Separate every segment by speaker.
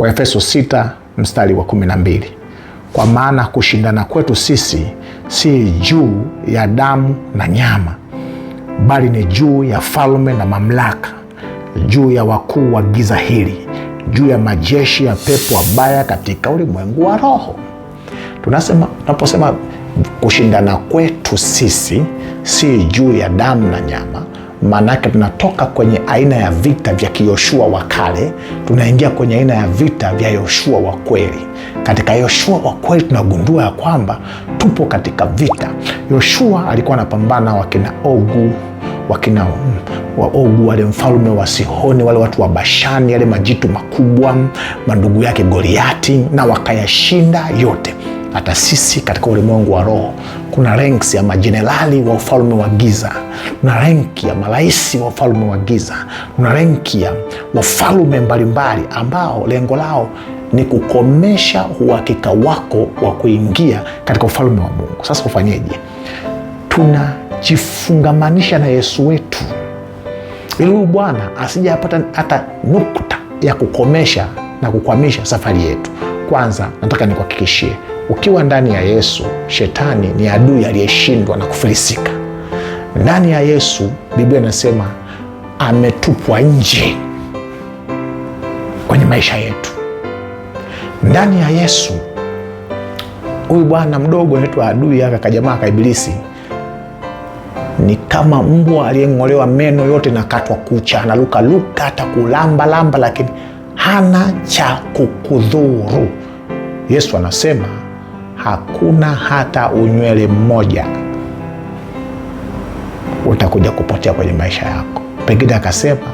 Speaker 1: Waefeso 6 mstari wa 12, kwa maana kushindana kwetu sisi si juu ya damu na nyama, bali ni juu ya falme na mamlaka, juu ya wakuu wa giza hili, juu ya majeshi ya pepo wabaya katika ulimwengu wa roho. Tunasema, tunaposema kushindana kwetu sisi si juu ya damu na nyama Maanake tunatoka kwenye aina ya vita vya kiyoshua wa kale, tunaingia kwenye aina ya vita vya Yoshua wa kweli. Katika Yoshua wa kweli tunagundua ya kwamba tupo katika vita. Yoshua alikuwa anapambana wakina Ogu, wakina wa Ogu, wale mfalume wa Sihoni, wale watu wa Bashani, yale majitu makubwa, mandugu yake Goliati, na wakayashinda yote hata sisi katika ulimwengu wa roho kuna renks ya majenerali wa ufalme wa giza kuna renki ya maraisi wa ufalme wa giza kuna renki ya wafalume mbalimbali ambao lengo lao ni kukomesha uhakika wako wa kuingia katika ufalme wa mungu sasa ufanyeje tunajifungamanisha na yesu wetu ili huyu bwana asija apata hata nukta ya kukomesha na kukwamisha safari yetu kwanza nataka nikuhakikishie ukiwa ndani ya Yesu, shetani ni adui aliyeshindwa na kufilisika. Ndani ya Yesu, Biblia inasema ametupwa nje kwenye maisha yetu. Ndani ya Yesu, huyu bwana mdogo anaitwa adui, aka kajamaa ka Ibilisi ni kama mbwa aliyeng'olewa meno yote na katwa kucha, analukaluka hata kulambalamba, lakini hana cha kukudhuru. Yesu anasema hakuna hata unywele mmoja utakuja kupotea kwenye maisha yako. Pengine akasema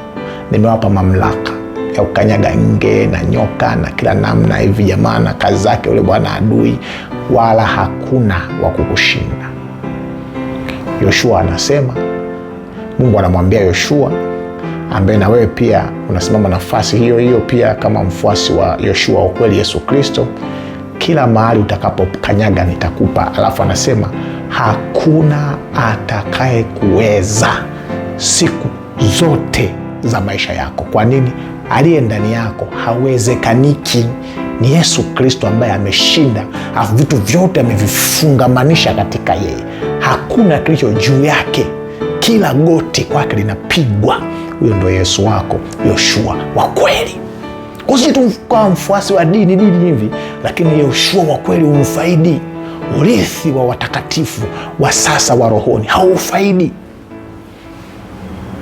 Speaker 1: nimewapa mamlaka ya kukanyaga nge na nyoka na kila namna hivi jamaa na kazi zake ule bwana adui, wala hakuna wa kukushinda. Yoshua anasema, Mungu anamwambia Yoshua ambaye na wewe pia unasimama nafasi hiyo hiyo pia kama mfuasi wa Yoshua wa ukweli Yesu Kristo kila mahali utakapokanyaga nitakupa. Alafu anasema hakuna atakaye kuweza siku zote za maisha yako. Kwa nini? Aliye ndani yako hawezekaniki. Ni Yesu Kristo ambaye ameshinda, vitu vyote amevifungamanisha katika yeye. Hakuna kilicho juu yake, kila goti kwake linapigwa. Huyo ndio Yesu wako Yoshua wa kweli sisi tu kwa mfuasi wa dini dini hivi, lakini Yoshua wa kweli umfaidi urithi wa watakatifu wa sasa wa rohoni, haufaidi.